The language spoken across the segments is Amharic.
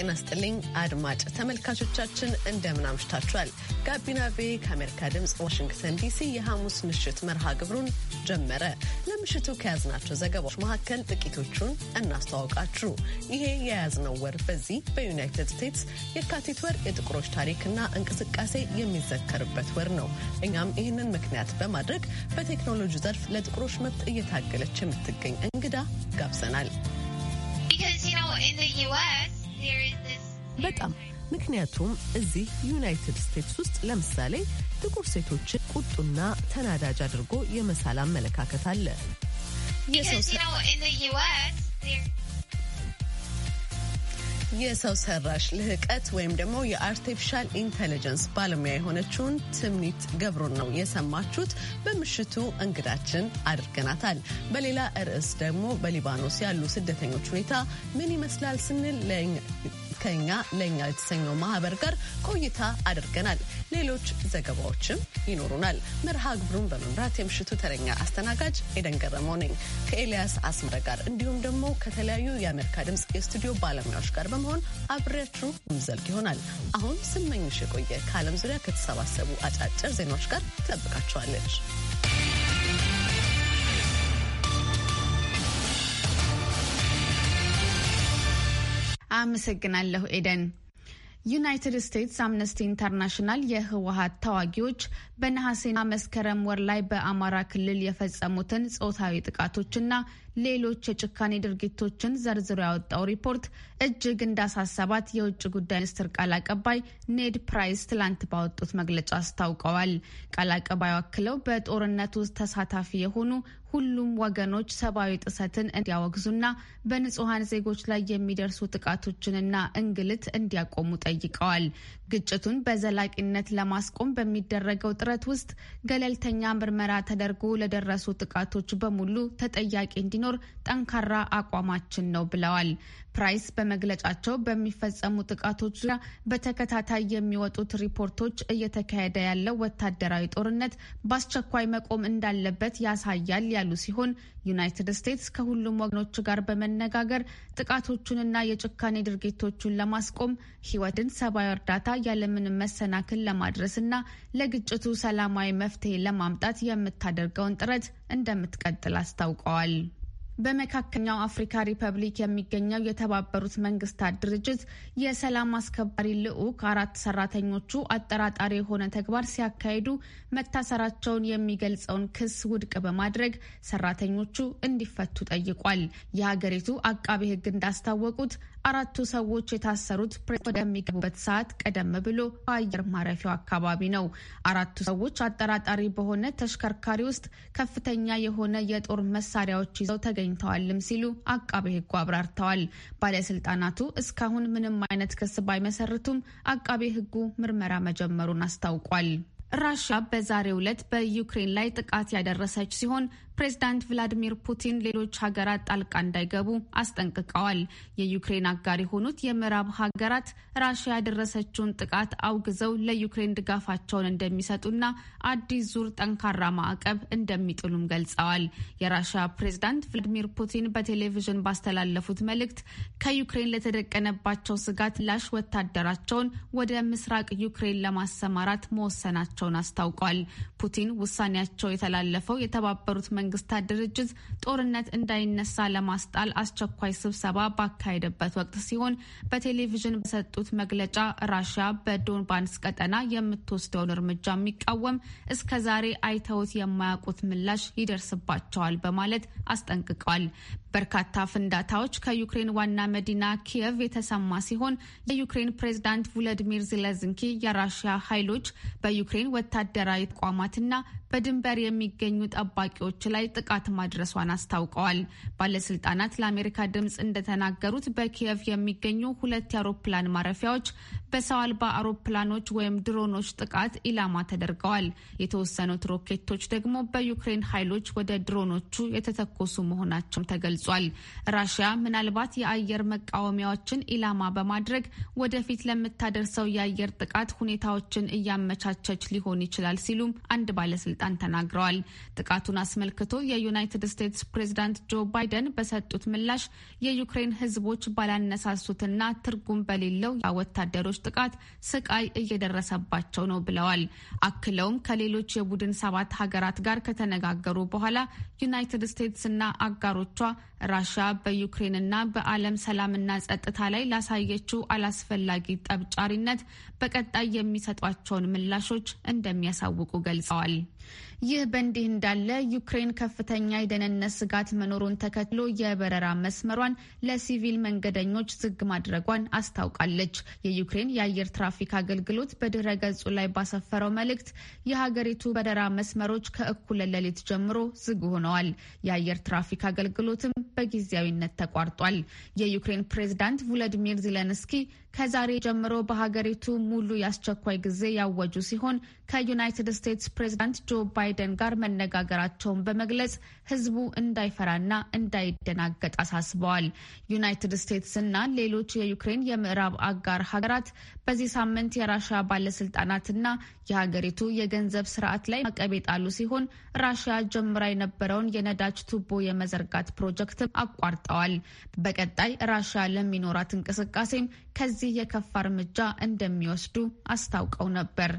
ጤና ስጥልኝ አድማጭ ተመልካቾቻችን፣ እንደምን አምሽታችኋል። ጋቢና ቤ ከአሜሪካ ድምፅ ዋሽንግተን ዲሲ የሐሙስ ምሽት መርሃ ግብሩን ጀመረ። ለምሽቱ ከያዝናቸው ዘገባዎች መካከል ጥቂቶቹን እናስተዋውቃችሁ። ይሄ የያዝነው ወር በዚህ በዩናይትድ ስቴትስ የካቲት ወር የጥቁሮች ታሪክና እንቅስቃሴ የሚዘከርበት ወር ነው። እኛም ይህንን ምክንያት በማድረግ በቴክኖሎጂ ዘርፍ ለጥቁሮች መብት እየታገለች የምትገኝ እንግዳ ጋብዘናል። በጣም ምክንያቱም እዚህ ዩናይትድ ስቴትስ ውስጥ ለምሳሌ ጥቁር ሴቶችን ቁጡና ተናዳጅ አድርጎ የመሳል አመለካከት አለ። የሰው ሰራሽ ልህቀት ወይም ደግሞ የአርቲፊሻል ኢንቴሊጀንስ ባለሙያ የሆነችውን ትምኒት ገብሩን ነው የሰማችሁት። በምሽቱ እንግዳችን አድርገናታል። በሌላ ርዕስ ደግሞ በሊባኖስ ያሉ ስደተኞች ሁኔታ ምን ይመስላል ስንል ከኛ ለእኛ የተሰኘው ማህበር ጋር ቆይታ አድርገናል። ሌሎች ዘገባዎችም ይኖሩናል። መርሃ ግብሩን በመምራት የምሽቱ ተረኛ አስተናጋጅ ኤደን ገረመው ነኝ ከኤልያስ አስምረ ጋር እንዲሁም ደግሞ ከተለያዩ የአሜሪካ ድምፅ የስቱዲዮ ባለሙያዎች ጋር በመሆን አብሬያችሁ ምዘልግ ይሆናል። አሁን ስመኝሽ የቆየ ከዓለም ዙሪያ ከተሰባሰቡ አጫጭር ዜናዎች ጋር ትጠብቃቸዋለች። አመሰግናለሁ ኤደን። ዩናይትድ ስቴትስ አምነስቲ ኢንተርናሽናል የህወሀት ተዋጊዎች በነሐሴና መስከረም ወር ላይ በአማራ ክልል የፈጸሙትን ጾታዊ ጥቃቶችና ሌሎች የጭካኔ ድርጊቶችን ዘርዝሮ ያወጣው ሪፖርት እጅግ እንዳሳሰባት የውጭ ጉዳይ ሚኒስትር ቃል አቀባይ ኔድ ፕራይስ ትላንት ባወጡት መግለጫ አስታውቀዋል። ቃል አቀባዩ አክለው በጦርነት ውስጥ ተሳታፊ የሆኑ ሁሉም ወገኖች ሰብአዊ ጥሰትን እንዲያወግዙና በንጹሐን ዜጎች ላይ የሚደርሱ ጥቃቶችንና እንግልት እንዲያቆሙ ጠይቀዋል። ግጭቱን በዘላቂነት ለማስቆም በሚደረገው ጥረት ውስጥ ገለልተኛ ምርመራ ተደርጎ ለደረሱ ጥቃቶች በሙሉ ተጠያቂ እንዲኖር ጠንካራ አቋማችን ነው ብለዋል። ፕራይስ በመግለጫቸው በሚፈጸሙ ጥቃቶች ዙሪያ በተከታታይ የሚወጡት ሪፖርቶች እየተካሄደ ያለው ወታደራዊ ጦርነት በአስቸኳይ መቆም እንዳለበት ያሳያል ያሉ ሲሆን ዩናይትድ ስቴትስ ከሁሉም ወገኖች ጋር በመነጋገር ጥቃቶቹንና የጭካኔ ድርጊቶቹን ለማስቆም ሕይወትን፣ ሰብአዊ እርዳታ ያለምንም መሰናክል እና ለግጭቱ ሰላማዊ መፍትሄ ለማምጣት የምታደርገውን ጥረት እንደምትቀጥል አስታውቀዋል። በመካከኛው አፍሪካ ሪፐብሊክ የሚገኘው የተባበሩት መንግስታት ድርጅት የሰላም አስከባሪ ልዑክ አራት ሰራተኞቹ አጠራጣሪ የሆነ ተግባር ሲያካሂዱ መታሰራቸውን የሚገልጸውን ክስ ውድቅ በማድረግ ሰራተኞቹ እንዲፈቱ ጠይቋል። የሀገሪቱ አቃቤ ሕግ እንዳስታወቁት አራቱ ሰዎች የታሰሩት ወደሚገቡበት ሰዓት ቀደም ብሎ በአየር ማረፊያው አካባቢ ነው። አራቱ ሰዎች አጠራጣሪ በሆነ ተሽከርካሪ ውስጥ ከፍተኛ የሆነ የጦር መሳሪያዎች ይዘው ተገኝተዋልም ሲሉ አቃቤ ሕጉ አብራርተዋል። ባለስልጣናቱ እስካሁን ምንም አይነት ክስ ባይመሰርቱም አቃቤ ሕጉ ምርመራ መጀመሩን አስታውቋል። ራሽያ በዛሬው ዕለት በዩክሬን ላይ ጥቃት ያደረሰች ሲሆን ፕሬዚዳንት ቭላዲሚር ፑቲን ሌሎች ሀገራት ጣልቃ እንዳይገቡ አስጠንቅቀዋል። የዩክሬን አጋር የሆኑት የምዕራብ ሀገራት ራሽያ ያደረሰችውን ጥቃት አውግዘው ለዩክሬን ድጋፋቸውን እንደሚሰጡና አዲስ ዙር ጠንካራ ማዕቀብ እንደሚጥሉም ገልጸዋል። የራሽያ ፕሬዚዳንት ቭላዲሚር ፑቲን በቴሌቪዥን ባስተላለፉት መልእክት ከዩክሬን ለተደቀነባቸው ስጋት ላሽ ወታደራቸውን ወደ ምስራቅ ዩክሬን ለማሰማራት መወሰናቸውን አስታውቋል። ፑቲን ውሳኔያቸው የተላለፈው የተባበሩት መንግስታት ድርጅት ጦርነት እንዳይነሳ ለማስጣል አስቸኳይ ስብሰባ ባካሄደበት ወቅት ሲሆን በቴሌቪዥን በሰጡት መግለጫ ራሽያ በዶንባንስ ቀጠና የምትወስደውን እርምጃ የሚቃወም እስከ ዛሬ አይተውት የማያውቁት ምላሽ ይደርስባቸዋል በማለት አስጠንቅቀዋል። በርካታ ፍንዳታዎች ከዩክሬን ዋና መዲና ኪየቭ የተሰማ ሲሆን የዩክሬን ፕሬዝዳንት ቮለዲሚር ዜሌንስኪ የራሽያ ኃይሎች በዩክሬን ወታደራዊ ተቋማትና በድንበር የሚገኙ ጠባቂዎች ላይ ጥቃት ማድረሷን አስታውቀዋል። ባለስልጣናት ለአሜሪካ ድምፅ እንደተናገሩት በኪየቭ የሚገኙ ሁለት የአውሮፕላን ማረፊያዎች በሰው አልባ አውሮፕላኖች ወይም ድሮኖች ጥቃት ኢላማ ተደርገዋል። የተወሰኑት ሮኬቶች ደግሞ በዩክሬን ኃይሎች ወደ ድሮኖቹ የተተኮሱ መሆናቸውም ተገልጿል። ገልጿል። ራሽያ ምናልባት የአየር መቃወሚያዎችን ኢላማ በማድረግ ወደፊት ለምታደርሰው የአየር ጥቃት ሁኔታዎችን እያመቻቸች ሊሆን ይችላል ሲሉም አንድ ባለስልጣን ተናግረዋል። ጥቃቱን አስመልክቶ የዩናይትድ ስቴትስ ፕሬዚዳንት ጆ ባይደን በሰጡት ምላሽ የዩክሬን ሕዝቦች ባላነሳሱትና ትርጉም በሌለው ወታደሮች ጥቃት ስቃይ እየደረሰባቸው ነው ብለዋል። አክለውም ከሌሎች የቡድን ሰባት ሀገራት ጋር ከተነጋገሩ በኋላ ዩናይትድ እና አጋሮቿ ራሻ በዩክሬንና በዓለም ሰላምና ጸጥታ ላይ ላሳየችው አላስፈላጊ ጠብጫሪነት በቀጣይ የሚሰጧቸውን ምላሾች እንደሚያሳውቁ ገልጸዋል። ይህ በእንዲህ እንዳለ ዩክሬን ከፍተኛ የደህንነት ስጋት መኖሩን ተከትሎ የበረራ መስመሯን ለሲቪል መንገደኞች ዝግ ማድረጓን አስታውቃለች። የዩክሬን የአየር ትራፊክ አገልግሎት በድረ ገጹ ላይ ባሰፈረው መልእክት የሀገሪቱ በረራ መስመሮች ከእኩለ ሌሊት ጀምሮ ዝግ ሆነዋል። የአየር ትራፊክ አገልግሎትም በጊዜያዊነት ተቋርጧል። የዩክሬን ፕሬዝዳንት ቮሎዲሚር ዜሌንስኪ ከዛሬ ጀምሮ በሀገሪቱ ሙሉ የአስቸኳይ ጊዜ ያወጁ ሲሆን ከዩናይትድ ስቴትስ ፕሬዚዳንት ጆ ባይደን ጋር መነጋገራቸውን በመግለጽ ህዝቡ እንዳይፈራና እንዳይደናገጥ አሳስበዋል። ዩናይትድ እና ሌሎች የዩክሬን የምዕራብ አጋር ሀገራት በዚህ ሳምንት የራሽያ ባለስልጣናትና የሀገሪቱ የገንዘብ ስርዓት ላይ ማዕቀብ የጣሉ ሲሆን ራሽያ ጀምራ የነበረውን የነዳጅ ቱቦ የመዘርጋት ፕሮጀክት አቋርጠዋል። በቀጣይ ራሽያ ለሚኖራት እንቅስቃሴም ከዚህ የከፋ እርምጃ እንደሚወስዱ አስታውቀው ነበር።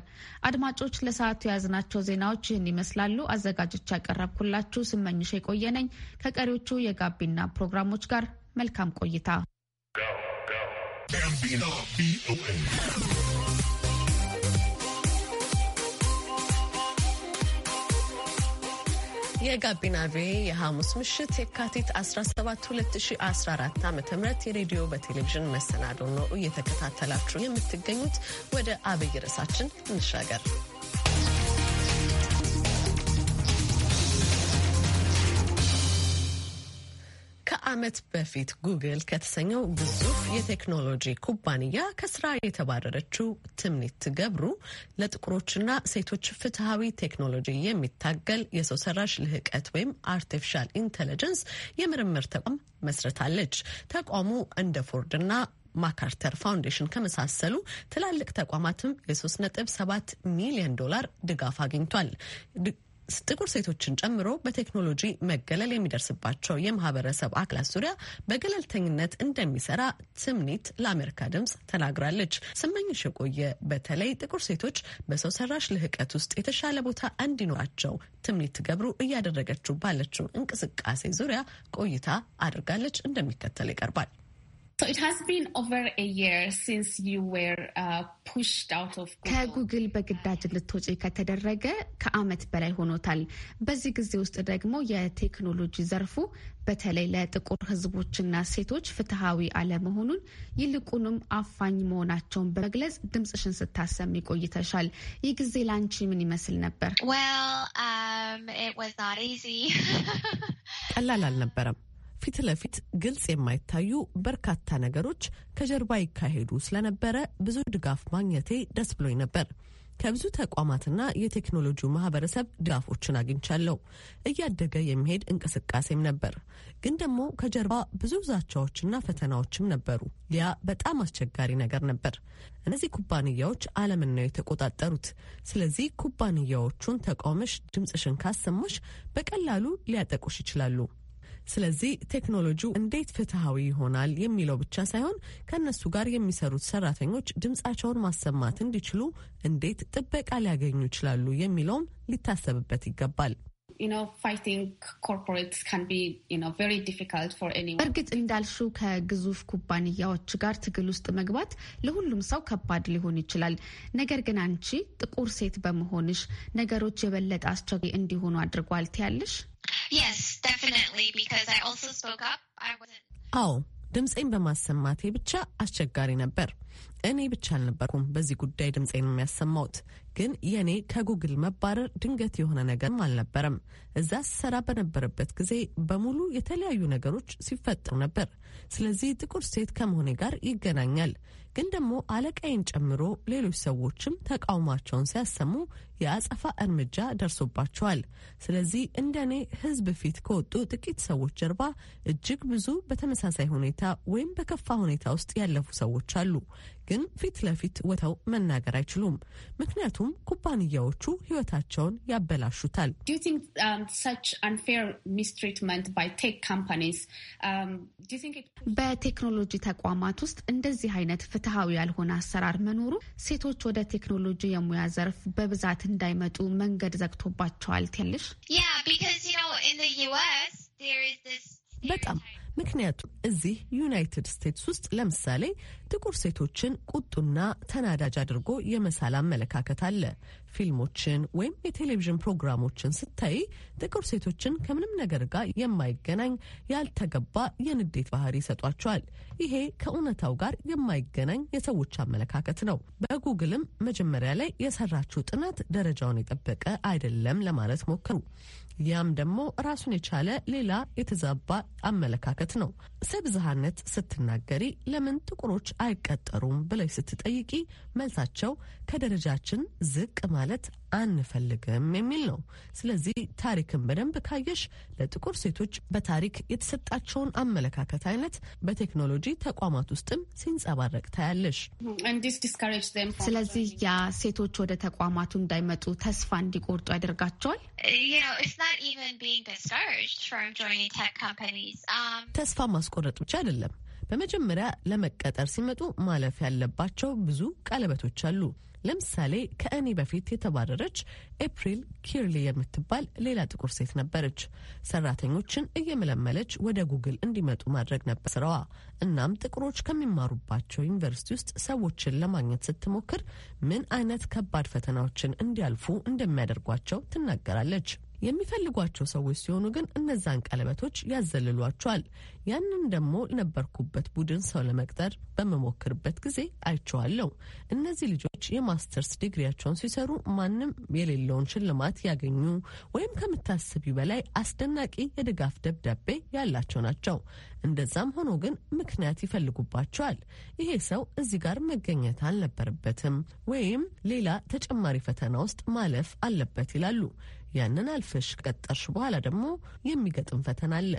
አድማጮች ለሰዓቱ የያዝናቸው ዜናዎች ይህን ይመስላሉ። አዘጋጆች ያቀረብኩላችሁ ስመኝሽ የቆየነኝ ከቀሪዎቹ የጋቢና ፕሮግራሞች ጋር መልካም ቆይታ ጋቢና የጋቢና ቪኦኤ የሐሙስ ምሽት የካቲት 17 2014 ዓ ም የሬዲዮ በቴሌቪዥን መሰናዶ ነው እየተከታተላችሁ የምትገኙት። ወደ አብይ ርዕሳችን እንሻገር። ዓመት በፊት ጉግል ከተሰኘው ግዙፍ የቴክኖሎጂ ኩባንያ ከስራ የተባረረችው ትምኒት ገብሩ ለጥቁሮችና ሴቶች ፍትሐዊ ቴክኖሎጂ የሚታገል የሰው ሰራሽ ልህቀት ወይም አርቲፊሻል ኢንቴሊጀንስ የምርምር ተቋም መስረታለች። ተቋሙ እንደ ፎርድና ማካርተር ፋውንዴሽን ከመሳሰሉ ትላልቅ ተቋማትም የ3.7 ሚሊዮን ዶላር ድጋፍ አግኝቷል። ጥቁር ሴቶችን ጨምሮ በቴክኖሎጂ መገለል የሚደርስባቸው የማህበረሰብ አካላት ዙሪያ በገለልተኝነት እንደሚሰራ ትምኒት ለአሜሪካ ድምጽ ተናግራለች። ስመኝሽ የቆየ በተለይ ጥቁር ሴቶች በሰው ሰራሽ ልህቀት ውስጥ የተሻለ ቦታ እንዲኖራቸው ትምኒት ገብሩ እያደረገችው ባለችው እንቅስቃሴ ዙሪያ ቆይታ አድርጋለች። እንደሚከተል ይቀርባል። ከጉግል በግዳጅ እንድትወጪ ከተደረገ ከዓመት በላይ ሆኖታል። በዚህ ጊዜ ውስጥ ደግሞ የቴክኖሎጂ ዘርፉ በተለይ ለጥቁር ሕዝቦችና ሴቶች ፍትሐዊ አለመሆኑን ይልቁንም አፋኝ መሆናቸውን በመግለጽ ድምፅሽን ስታሰሚ ቆይተሻል። ይህ ጊዜ ለአንቺ ምን ይመስል ነበር? Um, ቀላል አልነበረም። ፊት ለፊት ግልጽ የማይታዩ በርካታ ነገሮች ከጀርባ ይካሄዱ ስለነበረ ብዙ ድጋፍ ማግኘቴ ደስ ብሎኝ ነበር። ከብዙ ተቋማትና የቴክኖሎጂ ማህበረሰብ ድጋፎችን አግኝቻለሁ። እያደገ የሚሄድ እንቅስቃሴም ነበር። ግን ደግሞ ከጀርባ ብዙ ዛቻዎችና ፈተናዎችም ነበሩ። ያ በጣም አስቸጋሪ ነገር ነበር። እነዚህ ኩባንያዎች ዓለምን ነው የተቆጣጠሩት። ስለዚህ ኩባንያዎቹን ተቃውመሽ ድምፅሽን ካሰማሽ በቀላሉ ሊያጠቁሽ ይችላሉ። ስለዚህ ቴክኖሎጂው እንዴት ፍትሐዊ ይሆናል የሚለው ብቻ ሳይሆን ከእነሱ ጋር የሚሰሩት ሰራተኞች ድምፃቸውን ማሰማት እንዲችሉ እንዴት ጥበቃ ሊያገኙ ይችላሉ የሚለውም ሊታሰብበት ይገባል። እርግጥ እንዳልሽው ከግዙፍ ኩባንያዎች ጋር ትግል ውስጥ መግባት ለሁሉም ሰው ከባድ ሊሆን ይችላል። ነገር ግን አንቺ ጥቁር ሴት በመሆንሽ ነገሮች የበለጠ አስቸጋሪ እንዲሆኑ አድርጓል ትያለሽ? አዎ፣ ድምፄን በማሰማቴ ብቻ አስቸጋሪ ነበር። እኔ ብቻ አልነበርኩም በዚህ ጉዳይ ድምፄን የሚያሰማውት ግን የኔ ከጉግል መባረር ድንገት የሆነ ነገርም አልነበረም። እዛ ስሰራ በነበረበት ጊዜ በሙሉ የተለያዩ ነገሮች ሲፈጠሩ ነበር። ስለዚህ ጥቁር ሴት ከመሆኔ ጋር ይገናኛል። ግን ደግሞ አለቃይን ጨምሮ ሌሎች ሰዎችም ተቃውሟቸውን ሲያሰሙ የአጸፋ እርምጃ ደርሶባቸዋል። ስለዚህ እንደኔ ህዝብ ፊት ከወጡ ጥቂት ሰዎች ጀርባ እጅግ ብዙ በተመሳሳይ ሁኔታ ወይም በከፋ ሁኔታ ውስጥ ያለፉ ሰዎች አሉ። ግን ፊት ለፊት ወጥተው መናገር አይችሉም። ምክንያቱም ሆኖም ኩባንያዎቹ ህይወታቸውን ያበላሹታል። um, um, በቴክኖሎጂ ተቋማት ውስጥ እንደዚህ አይነት ፍትሃዊ ያልሆነ አሰራር መኖሩ ሴቶች ወደ ቴክኖሎጂ የሙያ ዘርፍ በብዛት እንዳይመጡ መንገድ ዘግቶባቸዋል ትያለሽ? በጣም ምክንያቱም እዚህ ዩናይትድ ስቴትስ ውስጥ ለምሳሌ ጥቁር ሴቶችን ቁጡና ተናዳጅ አድርጎ የመሳል አመለካከት አለ። ፊልሞችን ወይም የቴሌቪዥን ፕሮግራሞችን ስታይ ጥቁር ሴቶችን ከምንም ነገር ጋር የማይገናኝ ያልተገባ የንዴት ባህሪ ይሰጧቸዋል። ይሄ ከእውነታው ጋር የማይገናኝ የሰዎች አመለካከት ነው። በጉግልም መጀመሪያ ላይ የሰራችው ጥናት ደረጃውን የጠበቀ አይደለም ለማለት ሞከሩ። ያም ደግሞ ራሱን የቻለ ሌላ የተዛባ አመለካከት ነው። ስለ ስትናገሪ ለምን ጥቁሮች አይቀጠሩም ብለሽ ስትጠይቂ መልሳቸው ከደረጃችን ዝቅ ማለት አንፈልግም የሚል ነው። ስለዚህ ታሪክን በደንብ ካየሽ ለጥቁር ሴቶች በታሪክ የተሰጣቸውን አመለካከት አይነት በቴክኖሎጂ ተቋማት ውስጥም ሲንጸባረቅ ታያለሽ። ስለዚህ ያ ሴቶች ወደ ተቋማቱ እንዳይመጡ ተስፋ እንዲቆርጡ ያደርጋቸዋል። um, ተስፋ ማስቆረጥ ብቻ አይደለም። በመጀመሪያ ለመቀጠር ሲመጡ ማለፍ ያለባቸው ብዙ ቀለበቶች አሉ። ለምሳሌ ከእኔ በፊት የተባረረች ኤፕሪል ኪርሊ የምትባል ሌላ ጥቁር ሴት ነበረች። ሰራተኞችን እየመለመለች ወደ ጉግል እንዲመጡ ማድረግ ነበር ስራዋ። እናም ጥቁሮች ከሚማሩባቸው ዩኒቨርሲቲ ውስጥ ሰዎችን ለማግኘት ስትሞክር ምን አይነት ከባድ ፈተናዎችን እንዲያልፉ እንደሚያደርጓቸው ትናገራለች። የሚፈልጓቸው ሰዎች ሲሆኑ ግን እነዛን ቀለበቶች ያዘልሏቸዋል። ያንን ደግሞ ነበርኩበት ቡድን ሰው ለመቅጠር በመሞክርበት ጊዜ አይቸዋለሁ። እነዚህ ልጆች የማስተርስ ዲግሪያቸውን ሲሰሩ ማንም የሌለውን ሽልማት ያገኙ ወይም ከምታስቢው በላይ አስደናቂ የድጋፍ ደብዳቤ ያላቸው ናቸው። እንደዛም ሆኖ ግን ምክንያት ይፈልጉባቸዋል። ይሄ ሰው እዚህ ጋር መገኘት አልነበረበትም ወይም ሌላ ተጨማሪ ፈተና ውስጥ ማለፍ አለበት ይላሉ። ያንን አልፈሽ ቀጠርሽ በኋላ ደግሞ የሚገጥም ፈተና አለ።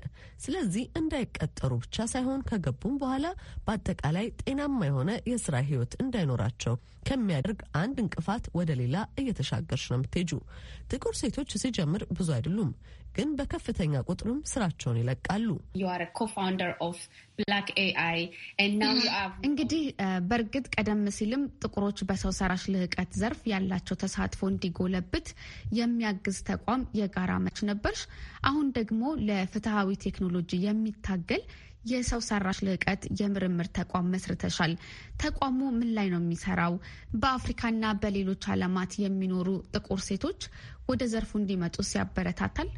ስለዚህ እንዳይቀጠሩ ብቻ ሳይሆን ከገቡም በኋላ በአጠቃላይ ጤናማ የሆነ የስራ ህይወት እንዳይኖራቸው ከሚያደርግ አንድ እንቅፋት ወደ ሌላ እየተሻገርሽ ነው የምትሄጁ። ጥቁር ሴቶች ሲጀምር ብዙ አይደሉም። ግን በከፍተኛ ቁጥርም ስራቸውን ይለቃሉ። እንግዲህ በእርግጥ ቀደም ሲልም ጥቁሮች በሰው ሰራሽ ልህቀት ዘርፍ ያላቸው ተሳትፎ እንዲጎለብት የሚያግዝ ተቋም የጋራ መች ነበርሽ። አሁን ደግሞ ለፍትሐዊ ቴክኖሎጂ የሚታገል የሰው ሰራሽ ልዕቀት የምርምር ተቋም መስርተሻል። ተቋሙ ምን ላይ ነው የሚሰራው? በአፍሪካና በሌሎች ዓለማት የሚኖሩ ጥቁር ሴቶች ወደ ዘርፉ እንዲመጡ ያበረታታል።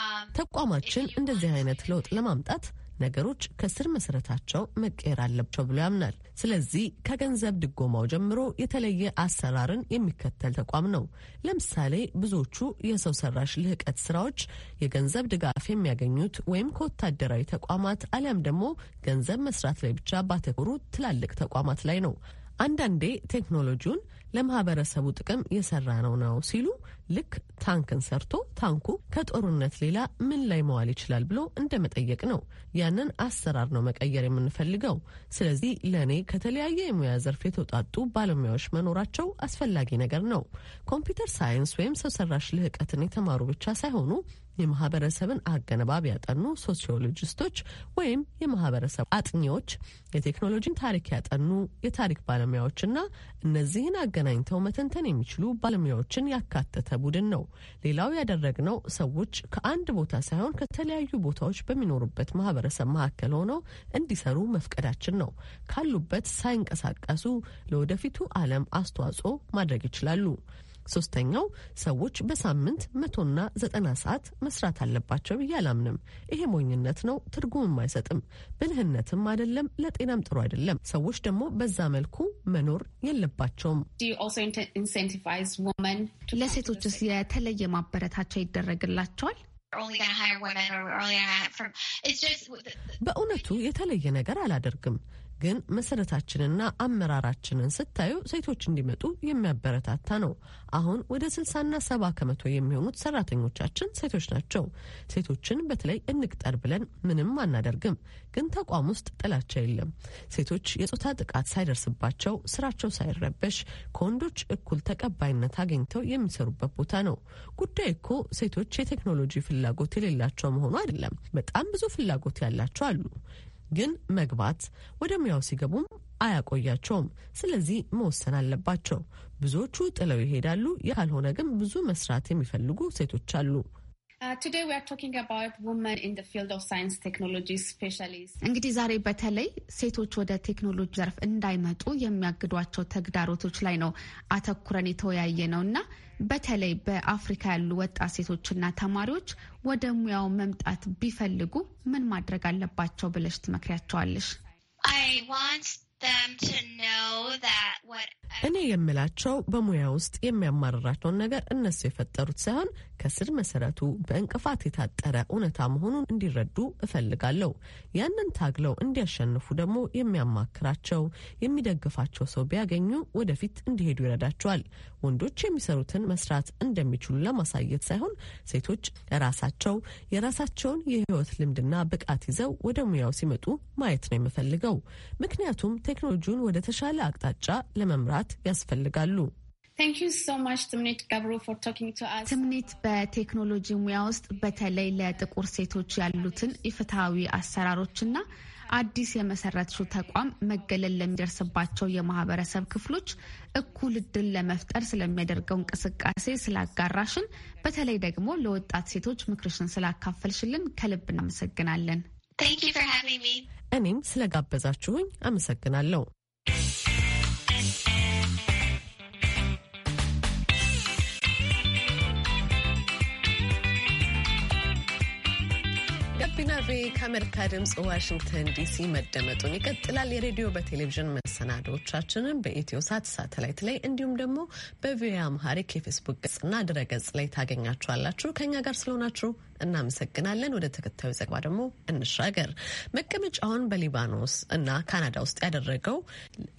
um, ተቋማችን እንደዚህ አይነት ለውጥ ለማምጣት ነገሮች ከስር መሰረታቸው መቀየር አለባቸው ብሎ ያምናል። ስለዚህ ከገንዘብ ድጎማው ጀምሮ የተለየ አሰራርን የሚከተል ተቋም ነው። ለምሳሌ ብዙዎቹ የሰው ሰራሽ ልህቀት ስራዎች የገንዘብ ድጋፍ የሚያገኙት ወይም ከወታደራዊ ተቋማት አሊያም ደግሞ ገንዘብ መስራት ላይ ብቻ ባተኮሩ ትላልቅ ተቋማት ላይ ነው። አንዳንዴ ቴክኖሎጂውን ለማህበረሰቡ ጥቅም የሰራ ነው ነው ሲሉ ልክ ታንክን ሰርቶ ታንኩ ከጦርነት ሌላ ምን ላይ መዋል ይችላል ብሎ እንደመጠየቅ ነው። ያንን አሰራር ነው መቀየር የምንፈልገው። ስለዚህ ለእኔ ከተለያየ የሙያ ዘርፍ የተውጣጡ ባለሙያዎች መኖራቸው አስፈላጊ ነገር ነው። ኮምፒውተር ሳይንስ ወይም ሰው ሰራሽ ልህቀትን የተማሩ ብቻ ሳይሆኑ የማህበረሰብን አገነባብ ያጠኑ ሶሲዮሎጂስቶች ወይም የማህበረሰብ አጥኚዎች፣ የቴክኖሎጂን ታሪክ ያጠኑ የታሪክ ባለሙያዎችና እነዚህን አገናኝተው መተንተን የሚችሉ ባለሙያዎችን ያካተተ ቡድን ነው። ሌላው ያደረግነው ሰዎች ከአንድ ቦታ ሳይሆን ከተለያዩ ቦታዎች በሚኖሩበት ማህበረሰብ መካከል ሆነው እንዲሰሩ መፍቀዳችን ነው። ካሉበት ሳይንቀሳቀሱ ለወደፊቱ ዓለም አስተዋጽኦ ማድረግ ይችላሉ። ሶስተኛው ሰዎች በሳምንት መቶና ዘጠና ሰዓት መስራት አለባቸው ብዬ አላምንም። ይሄ ሞኝነት ነው፣ ትርጉምም አይሰጥም፣ ብልህነትም አይደለም፣ ለጤናም ጥሩ አይደለም። ሰዎች ደግሞ በዛ መልኩ መኖር የለባቸውም። ለሴቶችስ የተለየ ማበረታቻ ይደረግላቸዋል? በእውነቱ የተለየ ነገር አላደርግም። ግን መሰረታችንና አመራራችንን ስታዩ ሴቶች እንዲመጡ የሚያበረታታ ነው። አሁን ወደ ስልሳና ሰባ ከመቶ የሚሆኑት ሰራተኞቻችን ሴቶች ናቸው። ሴቶችን በተለይ እንቅጠር ብለን ምንም አናደርግም፣ ግን ተቋም ውስጥ ጥላቻ የለም። ሴቶች የጾታ ጥቃት ሳይደርስባቸው ስራቸው ሳይረበሽ ከወንዶች እኩል ተቀባይነት አግኝተው የሚሰሩበት ቦታ ነው። ጉዳይ እኮ ሴቶች የቴክኖሎጂ ፍላጎት የሌላቸው መሆኑ አይደለም። በጣም ብዙ ፍላጎት ያላቸው አሉ። ግን መግባት ወደ ሙያው ሲገቡም አያቆያቸውም። ስለዚህ መወሰን አለባቸው። ብዙዎቹ ጥለው ይሄዳሉ። ካልሆነ ግን ብዙ መስራት የሚፈልጉ ሴቶች አሉ። Uh, እንግዲህ ዛሬ በተለይ ሴቶች ወደ ቴክኖሎጂ ዘርፍ እንዳይመጡ የሚያግዷቸው ተግዳሮቶች ላይ ነው አተኩረን የተወያየ ነው እና በተለይ በአፍሪካ ያሉ ወጣት ሴቶችና ተማሪዎች ወደ ሙያው መምጣት ቢፈልጉ ምን ማድረግ አለባቸው ብለሽ ትመክሪያቸዋለሽ? I want them to know እኔ የምላቸው በሙያ ውስጥ የሚያማርራቸውን ነገር እነሱ የፈጠሩት ሳይሆን ከስር መሰረቱ በእንቅፋት የታጠረ እውነታ መሆኑን እንዲረዱ እፈልጋለሁ። ያንን ታግለው እንዲያሸንፉ ደግሞ የሚያማክራቸው የሚደግፋቸው ሰው ቢያገኙ ወደፊት እንዲሄዱ ይረዳቸዋል። ወንዶች የሚሰሩትን መስራት እንደሚችሉ ለማሳየት ሳይሆን ሴቶች ለራሳቸው የራሳቸውን የህይወት ልምድና ብቃት ይዘው ወደ ሙያው ሲመጡ ማየት ነው የምፈልገው። ምክንያቱም ቴክኖሎጂውን ወደ ተሻለ አቅጣጫ ለመምራት ያስፈልጋሉ። ትምኒት በቴክኖሎጂ ሙያ ውስጥ በተለይ ለጥቁር ሴቶች ያሉትን የፍትሐዊ አሰራሮችና አዲስ የመሰረትሽው ተቋም መገለል ለሚደርስባቸው የማህበረሰብ ክፍሎች እኩል እድል ለመፍጠር ስለሚያደርገው እንቅስቃሴ ስላጋራሽን፣ በተለይ ደግሞ ለወጣት ሴቶች ምክርሽን ስላካፈልሽልን ከልብ እናመሰግናለን። እኔም ስለጋበዛችሁኝ አመሰግናለሁ። ጋቢና ቪኦኤ ከአሜሪካ ድምፅ ዋሽንግተን ዲሲ መደመጡን ይቀጥላል። የሬዲዮ በቴሌቪዥን መሰናዶቻችንን በኢትዮ ሳት ሳተላይት ላይ እንዲሁም ደግሞ በቪኦኤ አምሃሪክ የፌስቡክ ገጽና ድረገጽ ላይ ታገኛችኋላችሁ። ከኛ ጋር ስለሆናችሁ እናመሰግናለን። ወደ ተከታዩ ዘገባ ደግሞ እንሻገር። መቀመጫውን በሊባኖስ እና ካናዳ ውስጥ ያደረገው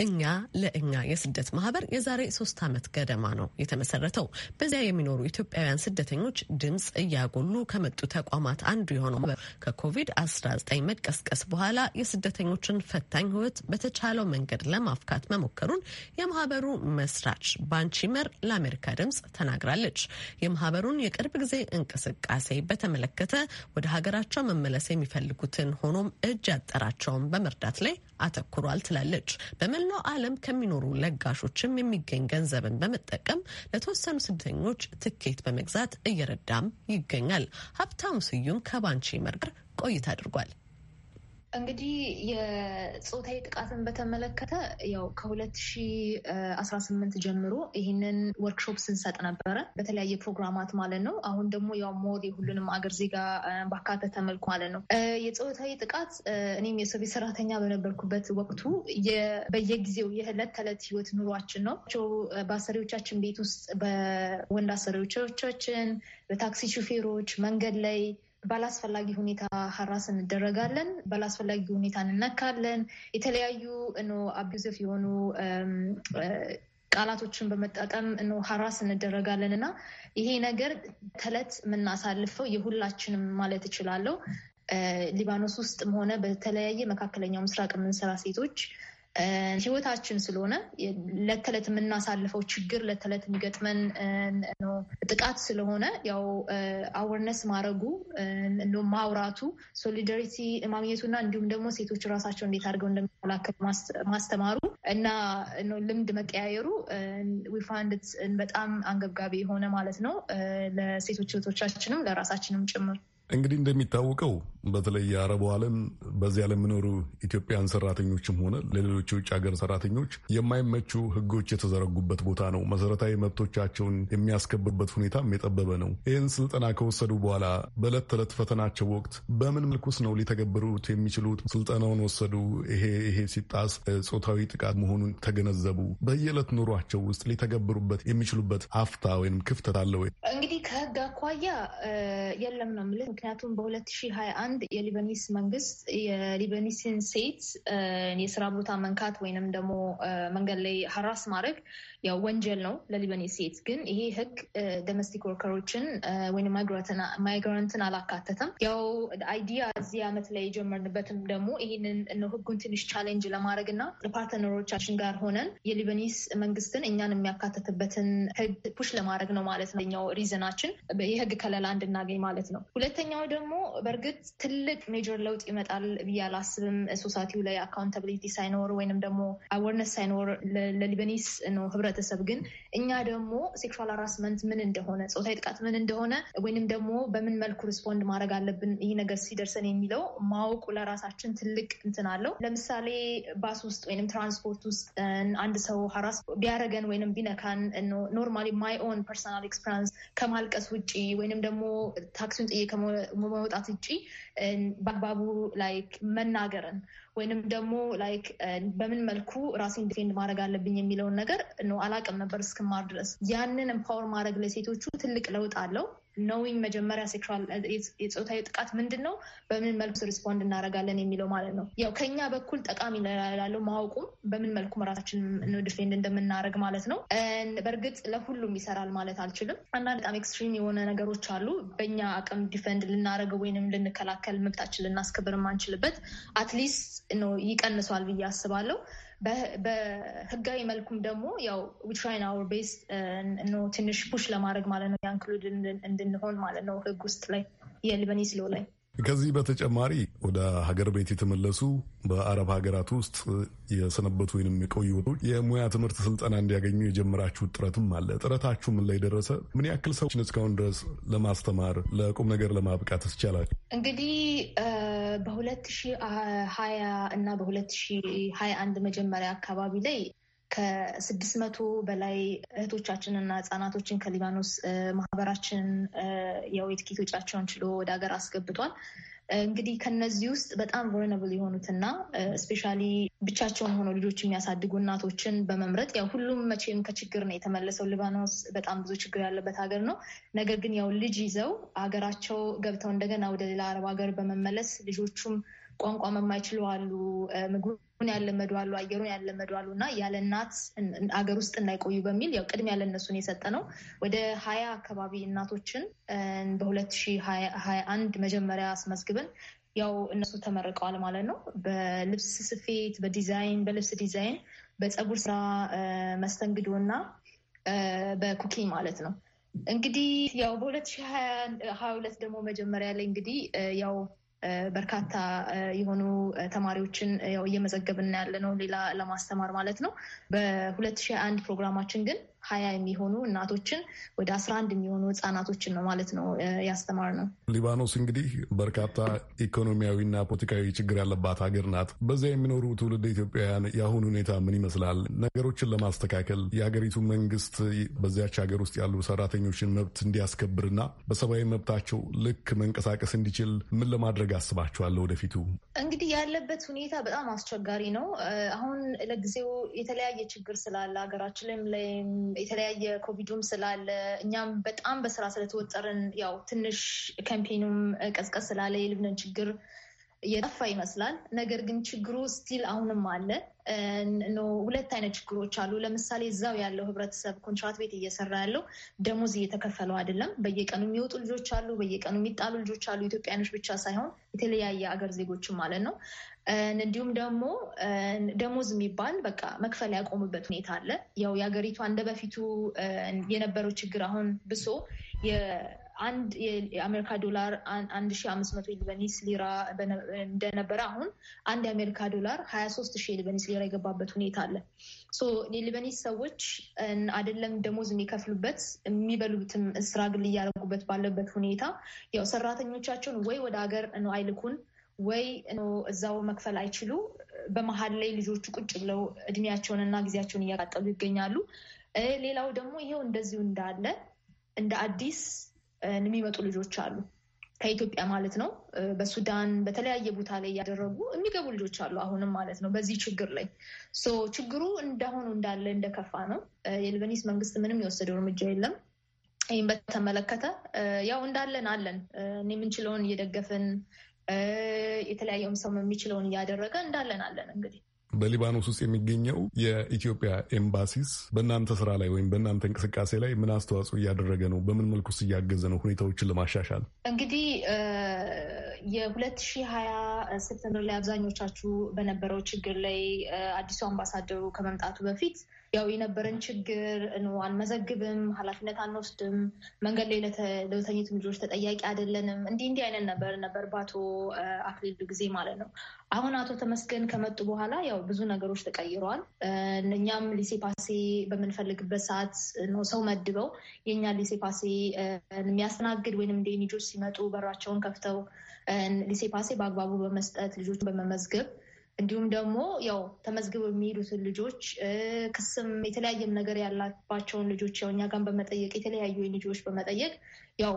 እኛ ለእኛ የስደት ማህበር የዛሬ ሶስት ዓመት ገደማ ነው የተመሰረተው። በዚያ የሚኖሩ ኢትዮጵያውያን ስደተኞች ድምፅ እያጎሉ ከመጡ ተቋማት አንዱ የሆነው ከኮቪድ-19 መቀስቀስ በኋላ የስደተኞችን ፈታኝ ህይወት በተቻለው መንገድ ለማፍካት መሞከሩን የማህበሩ መስራች ባንቺመር ለአሜሪካ ድምፅ ተናግራለች። የማህበሩን የቅርብ ጊዜ እንቅስቃሴ በተ በተመለከተ ወደ ሀገራቸው መመለስ የሚፈልጉትን ሆኖም እጅ ያጠራቸውን በመርዳት ላይ አተኩሯል ትላለች። በመላው ዓለም ከሚኖሩ ለጋሾችም የሚገኝ ገንዘብን በመጠቀም ለተወሰኑ ስደተኞች ትኬት በመግዛት እየረዳም ይገኛል። ሀብታሙ ስዩም ከባንቺ መርገር ቆይታ አድርጓል። እንግዲህ የፆታዊ ጥቃትን በተመለከተ ያው ከ2018 ጀምሮ ይህንን ወርክሾፕ ስንሰጥ ነበረ በተለያየ ፕሮግራማት ማለት ነው። አሁን ደግሞ ያው ሞር የሁሉንም አገር ዜጋ ባካተተ መልኩ ማለት ነው። የፆታዊ ጥቃት እኔም የሰቤ ሰራተኛ በነበርኩበት ወቅቱ በየጊዜው የዕለት ተዕለት ህይወት ኑሯችን ነው። በአሰሪዎቻችን ቤት ውስጥ በወንድ አሰሪዎቻችን፣ በታክሲ ሹፌሮች፣ መንገድ ላይ ባላስፈላጊ ሁኔታ ሀራስ እንደረጋለን፣ ባላስፈላጊ ሁኔታ እንነካለን። የተለያዩ አቢዩዚቭ የሆኑ ቃላቶችን በመጠቀም ሀራስ እንደረጋለን እና ይሄ ነገር ተለት የምናሳልፈው የሁላችንም ማለት እችላለሁ ሊባኖስ ውስጥም ሆነ በተለያየ መካከለኛው ምስራቅ የምንሰራ ሴቶች ህይወታችን ስለሆነ ለት የምናሳልፈው ችግር ለተለት የሚገጥመን ጥቃት ስለሆነ ያው አወርነስ ማድረጉ ማውራቱ ሶሊዳሪቲ ማግኘቱና እንዲሁም ደግሞ ሴቶች ራሳቸው እንዴት አድርገው እንደሚከላከሉ ማስተማሩ እና ልምድ መቀያየሩ ዊፋንድ በጣም አንገብጋቢ የሆነ ማለት ነው ለሴቶች ህይወቶቻችንም ለራሳችንም ጭምር። እንግዲህ እንደሚታወቀው በተለይ የአረቡ ዓለም በዚህ ዓለም የሚኖሩ ኢትዮጵያን ሰራተኞችም ሆነ ለሌሎች የውጭ ሀገር ሰራተኞች የማይመቹ ሕጎች የተዘረጉበት ቦታ ነው። መሰረታዊ መብቶቻቸውን የሚያስከብሩበት ሁኔታም የጠበበ ነው። ይህን ስልጠና ከወሰዱ በኋላ በዕለት ተዕለት ፈተናቸው ወቅት በምን መልኩስ ነው ሊተገብሩት የሚችሉት? ስልጠናውን ወሰዱ፣ ይሄ ይሄ ሲጣስ ጾታዊ ጥቃት መሆኑን ተገነዘቡ። በየዕለት ኑሯቸው ውስጥ ሊተገብሩበት የሚችሉበት አፍታ ወይም ክፍተት አለ ወይ? ከህግ አኳያ የለም ነው የምልህ። ምክንያቱም በ አንድ የሊበኒስ መንግስት የሊበኒስን ሴት የስራ ቦታ መንካት ወይንም ደግሞ መንገድ ላይ ሀራስ ማድረግ ያው ወንጀል ነው ለሊበኔ ሴት ግን ይሄ ህግ ዶሜስቲክ ወርከሮችን ወይም ማይግራንትን አላካተተም። ያው አይዲያ እዚህ አመት ላይ የጀመርንበትም ደግሞ ይህንን ህጉን ትንሽ ቻሌንጅ ለማድረግ ና ፓርትነሮቻችን ጋር ሆነን የሊበኒስ መንግስትን እኛን የሚያካተትበትን ህግ ፑሽ ለማድረግ ነው ማለት ነው። ኛው ሪዝናችን የህግ ከለላ እንድናገኝ ማለት ነው። ሁለተኛው ደግሞ በእርግጥ ትልቅ ሜጀር ለውጥ ይመጣል ብያ አላስብም። ሶሳቲው ላይ አካውንታብሊቲ ሳይኖር ወይንም ደግሞ አወርነስ ሳይኖር ለሊበኒስ ነው ህብረት ህብረተሰብ ግን እኛ ደግሞ ሴክሹዋል አራስመንት ምን እንደሆነ፣ ፆታዊ ጥቃት ምን እንደሆነ ወይንም ደግሞ በምን መልኩ ሪስፖንድ ማድረግ አለብን ይህ ነገር ሲደርሰን የሚለው ማወቁ ለራሳችን ትልቅ እንትን አለው። ለምሳሌ ባስ ውስጥ ወይም ትራንስፖርት ውስጥ አንድ ሰው ሀራስ ቢያደረገን ወይም ቢነካን ኖርማሊ ማይ ኦን ፐርሰናል ኤክስፐሪንስ ከማልቀስ ውጭ ወይንም ደግሞ ታክሲውን ጥዬ ከመውጣት ውጭ በአግባቡ ላይ መናገርን ወይንም ደግሞ ላይክ uh, በምን መልኩ ራሴን ዲፌንድ ማድረግ አለብኝ የሚለውን ነገር ነው አላቅም ነበር እስክማር ድረስ። ያንን ኤምፓወር ማድረግ ለሴቶቹ ትልቅ ለውጥ አለው። ኖዊንግ መጀመሪያ ሴክሹዋል የፆታዊ ጥቃት ምንድን ነው፣ በምን መልኩ ሪስፖንድ እናደርጋለን የሚለው ማለት ነው። ያው ከኛ በኩል ጠቃሚ ላለው ማወቁም በምን መልኩ ራሳችን ዲፌንድ እንደምናደርግ ማለት ነው። በእርግጥ ለሁሉም ይሰራል ማለት አልችልም። አንዳንድ በጣም ኤክስትሪም የሆነ ነገሮች አሉ። በእኛ አቅም ዲፌንድ ልናደርገው ወይንም ልንከላከል መብታችን ልናስከብር ማንችልበት አትሊስት ነው ይቀንሷል ብዬ አስባለሁ። በህጋዊ መልኩም ደግሞ ያው ዊትራይን አወር ቤስ ትንሽ ፑሽ ለማድረግ ማለት ነው ያንክሉድ እንድንሆን ማለት ነው ህግ ውስጥ ላይ የልበኒስ ሎ ላይ ከዚህ በተጨማሪ ወደ ሀገር ቤት የተመለሱ በአረብ ሀገራት ውስጥ የሰነበቱ ወይንም የቆዩ የሙያ ትምህርት ስልጠና እንዲያገኙ የጀመራችሁ ጥረትም አለ። ጥረታችሁ ምን ላይ ደረሰ? ምን ያክል ሰዎችን እስካሁን ድረስ ለማስተማር ለቁም ነገር ለማብቃት እስቻላችሁ? እንግዲህ uh, በ2020 እና በ2021 መጀመሪያ አካባቢ ላይ ከስድስት መቶ በላይ እህቶቻችን እና ህጻናቶችን ከሊባኖስ ማህበራችን የወይት ኪቶቻቸውን ችሎ ወደ ሀገር አስገብቷል። እንግዲህ ከነዚህ ውስጥ በጣም ቮልነብል የሆኑትና ስፔሻሊ ብቻቸውን ሆነው ልጆች የሚያሳድጉ እናቶችን በመምረጥ ያው ሁሉም መቼም ከችግር ነው የተመለሰው። ሊባኖስ በጣም ብዙ ችግር ያለበት ሀገር ነው። ነገር ግን ያው ልጅ ይዘው ሀገራቸው ገብተው እንደገና ወደ ሌላ አረብ ሀገር በመመለስ ልጆቹም ቋንቋ የማይችሉ አሉ፣ ምግቡን ያለመዱ አሉ፣ አየሩን ያለመዱ አሉ እና ያለ እናት አገር ውስጥ እንዳይቆዩ በሚል ያው ቅድሚያ ለእነሱን የሰጠ ነው። ወደ ሀያ አካባቢ እናቶችን በሁለት ሺህ ሀያ አንድ መጀመሪያ አስመዝግብን ያው እነሱ ተመርቀዋል ማለት ነው። በልብስ ስፌት፣ በዲዛይን፣ በልብስ ዲዛይን፣ በፀጉር ስራ፣ መስተንግዶ እና በኩኪንግ ማለት ነው። እንግዲህ ያው በሁለት ሺህ ሀያ ሁለት ደግሞ መጀመሪያ ላይ እንግዲህ ያው በርካታ የሆኑ ተማሪዎችን ያው እየመዘገብና ያለ ነው ሌላ ለማስተማር ማለት ነው። በ በ2001 ፕሮግራማችን ግን ሀያ የሚሆኑ እናቶችን ወደ አስራ አንድ የሚሆኑ ህጻናቶችን ነው ማለት ነው ያስተማር ነው። ሊባኖስ እንግዲህ በርካታ ኢኮኖሚያዊና ፖለቲካዊ ችግር ያለባት ሀገር ናት። በዚያ የሚኖሩ ትውልድ ኢትዮጵያውያን የአሁኑ ሁኔታ ምን ይመስላል? ነገሮችን ለማስተካከል የሀገሪቱ መንግስት በዚያች ሀገር ውስጥ ያሉ ሰራተኞችን መብት እንዲያስከብርና በሰብአዊ መብታቸው ልክ መንቀሳቀስ እንዲችል ምን ለማድረግ አስባችኋለሁ? ወደፊቱ እንግዲህ ያለበት ሁኔታ በጣም አስቸጋሪ ነው። አሁን ለጊዜው የተለያየ ችግር ስላለ ሀገራችን ላይም የተለያየ ኮቪዱም ስላለ እኛም በጣም በስራ ስለተወጠርን ያው ትንሽ ካምፔኑም ቀዝቀዝ ስላለ የልብነን ችግር የጠፋ ይመስላል። ነገር ግን ችግሩ ስቲል አሁንም አለ። ሁለት አይነት ችግሮች አሉ። ለምሳሌ እዛው ያለው ህብረተሰብ ኮንትራት ቤት እየሰራ ያለው ደሞዝ እየተከፈለው አይደለም። በየቀኑ የሚወጡ ልጆች አሉ፣ በየቀኑ የሚጣሉ ልጆች አሉ። ኢትዮጵያኖች ብቻ ሳይሆን የተለያየ አገር ዜጎችም ማለት ነው። እንዲሁም ደግሞ ደሞዝ የሚባል በቃ መክፈል ያቆሙበት ሁኔታ አለ። ያው የሀገሪቷ እንደ በፊቱ የነበረው ችግር አሁን ብሶ አንድ የአሜሪካ ዶላር አንድ ሺ አምስት መቶ ሊበኒስ ሊራ እንደነበረ አሁን አንድ የአሜሪካ ዶላር ሀያ ሶስት ሺ ሊበኒስ ሊራ የገባበት ሁኔታ አለ። የሊበኒስ ሰዎች አይደለም ደሞዝ የሚከፍሉበት የሚበሉትም ስራግል እያደረጉበት ባለበት ሁኔታ ያው ሰራተኞቻቸውን ወይ ወደ ሀገር ነው አይልኩን ወይ እዛው መክፈል አይችሉ በመሀል ላይ ልጆቹ ቁጭ ብለው እድሜያቸውንና ጊዜያቸውን እያቃጠሉ ይገኛሉ። ሌላው ደግሞ ይሄው እንደዚሁ እንዳለ እንደ አዲስ የሚመጡ ልጆች አሉ ከኢትዮጵያ ማለት ነው። በሱዳን በተለያየ ቦታ ላይ እያደረጉ የሚገቡ ልጆች አሉ አሁንም ማለት ነው። በዚህ ችግር ላይ ችግሩ እንዳሁኑ እንዳለ እንደከፋ ነው። የልበኒስ መንግስት ምንም የወሰደው እርምጃ የለም። ይህም በተመለከተ ያው እንዳለን አለን የምንችለውን እየደገፍን የተለያየውም ሰው የሚችለውን እያደረገ እንዳለን አለን እንግዲህ በሊባኖስ ውስጥ የሚገኘው የኢትዮጵያ ኤምባሲስ በእናንተ ስራ ላይ ወይም በእናንተ እንቅስቃሴ ላይ ምን አስተዋጽኦ እያደረገ ነው? በምን መልኩ ውስጥ እያገዘ ነው ሁኔታዎችን ለማሻሻል? እንግዲህ የ2020 ሴፕተምበር ላይ አብዛኞቻችሁ በነበረው ችግር ላይ አዲሱ አምባሳደሩ ከመምጣቱ በፊት ያው የነበረን ችግር አንመዘግብም፣ ኃላፊነት አንወስድም፣ መንገድ ላይ ለተኙት ልጆች ተጠያቂ አይደለንም። እንዲህ እንዲህ አይነት ነበር ነበር በአቶ አክሊሉ ጊዜ ማለት ነው። አሁን አቶ ተመስገን ከመጡ በኋላ ያው ብዙ ነገሮች ተቀይረዋል። እኛም ሊሴ ፓሴ በምንፈልግበት ሰዓት ነው ሰው መድበው የኛ ሊሴ ፓሴ የሚያስተናግድ ወይም እንደ ልጆች ሲመጡ በራቸውን ከፍተው ሊሴ ፓሴ በአግባቡ በመስጠት ልጆች በመመዝገብ እንዲሁም ደግሞ ያው ተመዝግበው የሚሄዱትን ልጆች ክስም የተለያየም ነገር ያላባቸውን ልጆች ያው እኛ ጋር በመጠየቅ የተለያዩ ልጆች በመጠየቅ ያው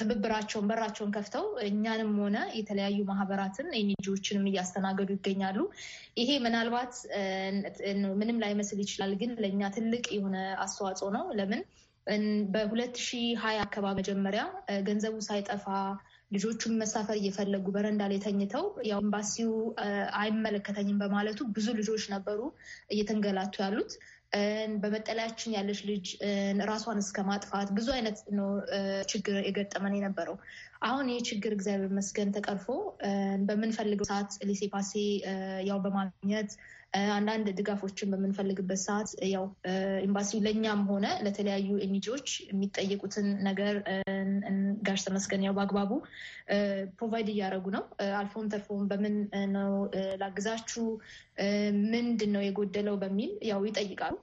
ትብብራቸውን በራቸውን ከፍተው እኛንም ሆነ የተለያዩ ማህበራትን ኤንጂዎችንም እያስተናገዱ ይገኛሉ። ይሄ ምናልባት ምንም ላይመስል ይችላል፣ ግን ለእኛ ትልቅ የሆነ አስተዋጽኦ ነው። ለምን በሁለት ሺህ ሀያ አካባቢ መጀመሪያ ገንዘቡ ሳይጠፋ ልጆቹን መሳፈር እየፈለጉ በረንዳ ላይ ተኝተው ያው ኤምባሲው አይመለከተኝም በማለቱ ብዙ ልጆች ነበሩ እየተንገላቱ ያሉት። በመጠለያችን ያለች ልጅ ራሷን እስከ ማጥፋት ብዙ አይነት ነው ችግር የገጠመን የነበረው። አሁን ይህ ችግር እግዚአብሔር ይመስገን ተቀርፎ በምንፈልገው ሰዓት ሊሴ ፓሴ ያው በማግኘት አንዳንድ ድጋፎችን በምንፈልግበት ሰዓት ያው ኤምባሲ ለእኛም ሆነ ለተለያዩ ኤንጂዎች የሚጠየቁትን ነገር ጋሽ ተመስገን ያው በአግባቡ ፕሮቫይድ እያደረጉ ነው። አልፎም ተርፎም በምን ነው ላግዛችሁ፣ ምንድን ነው የጎደለው በሚል ያው ይጠይቃሉ።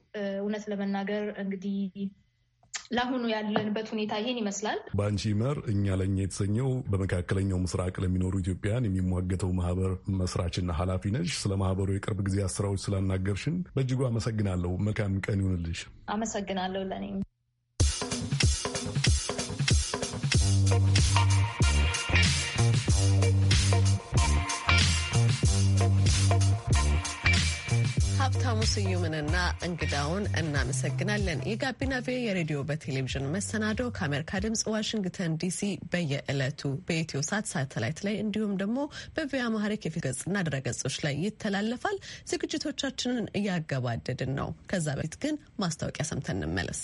እውነት ለመናገር እንግዲህ ለአሁኑ ያለንበት ሁኔታ ይህን ይመስላል። በአንቺ መር እኛ ለኛ የተሰኘው በመካከለኛው ምስራቅ ለሚኖሩ ኢትዮጵያን የሚሟገተው ማህበር መስራችና ኃላፊ ነች። ስለ ማህበሩ የቅርብ ጊዜ ስራዎች ስላናገርሽን በእጅጉ አመሰግናለሁ። መልካም ቀን ይሁንልሽ። አመሰግናለሁ ለኔ ሀብታሙ ስዩምንና እንግዳውን እናመሰግናለን። የጋቢና ቪ የሬዲዮ በቴሌቪዥን መሰናዶ ከአሜሪካ ድምጽ ዋሽንግተን ዲሲ በየዕለቱ በኢትዮ ሳት ሳተላይት ላይ እንዲሁም ደግሞ በቪ አማሪክ የፊት ገጽና ድረገጾች ላይ ይተላለፋል። ዝግጅቶቻችንን እያገባደድን ነው። ከዛ በፊት ግን ማስታወቂያ ሰምተን እንመለስ።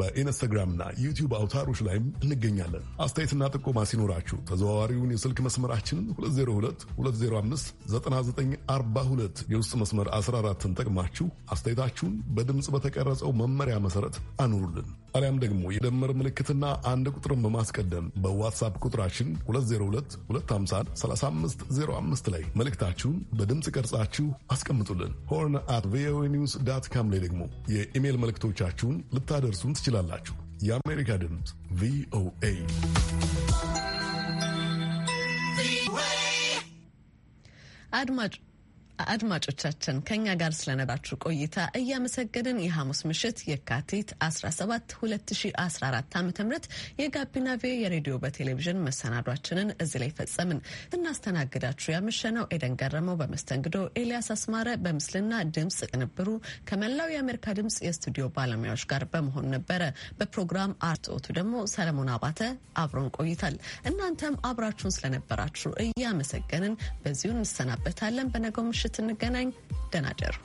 በኢንስታግራምና ዩቲዩብ አውታሮች ላይም እንገኛለን። አስተያየትና ጥቆማ ሲኖራችሁ ተዘዋዋሪውን የስልክ መስመራችን 2022059942 የውስጥ መስመር 14ን ጠቅማችሁ አስተያየታችሁን በድምፅ በተቀረጸው መመሪያ መሰረት አኑሩልን። አሊያም ደግሞ የደመር ምልክትና አንድ ቁጥርን በማስቀደም በዋትሳፕ ቁጥራችን 2022513505 ላይ መልእክታችሁን በድምፅ ቀርጻችሁ አስቀምጡልን። ሆርን አት ቪኦኤ ኒውስ ዳት ካም ላይ ደግሞ የኢሜይል መልእክቶቻችሁን ልታደርሱን ትችላላችሁ። የአሜሪካ ድምፅ ቪኦኤ አድማጭ አድማጮቻችን ከኛ ጋር ስለነበራችሁ ቆይታ እያመሰገንን የሐሙስ ምሽት የካቲት 17 2014 ዓ ም የጋቢና ቪ የሬዲዮ በቴሌቪዥን መሰናዷችንን እዚህ ላይ ፈጸምን። እናስተናግዳችሁ ያመሸነው ኤደን ገረመው በመስተንግዶ፣ ኤልያስ አስማረ በምስልና ድምፅ ቅንብሩ ከመላው የአሜሪካ ድምፅ የስቱዲዮ ባለሙያዎች ጋር በመሆን ነበረ። በፕሮግራም አርትኦቱ ደግሞ ሰለሞን አባተ አብሮን ቆይታል። እናንተም አብራችሁን ስለነበራችሁ እያመሰገንን በዚሁ እንሰናበታለን። በነገው ምሽት ምሽት እንገናኝ። ደናደሩ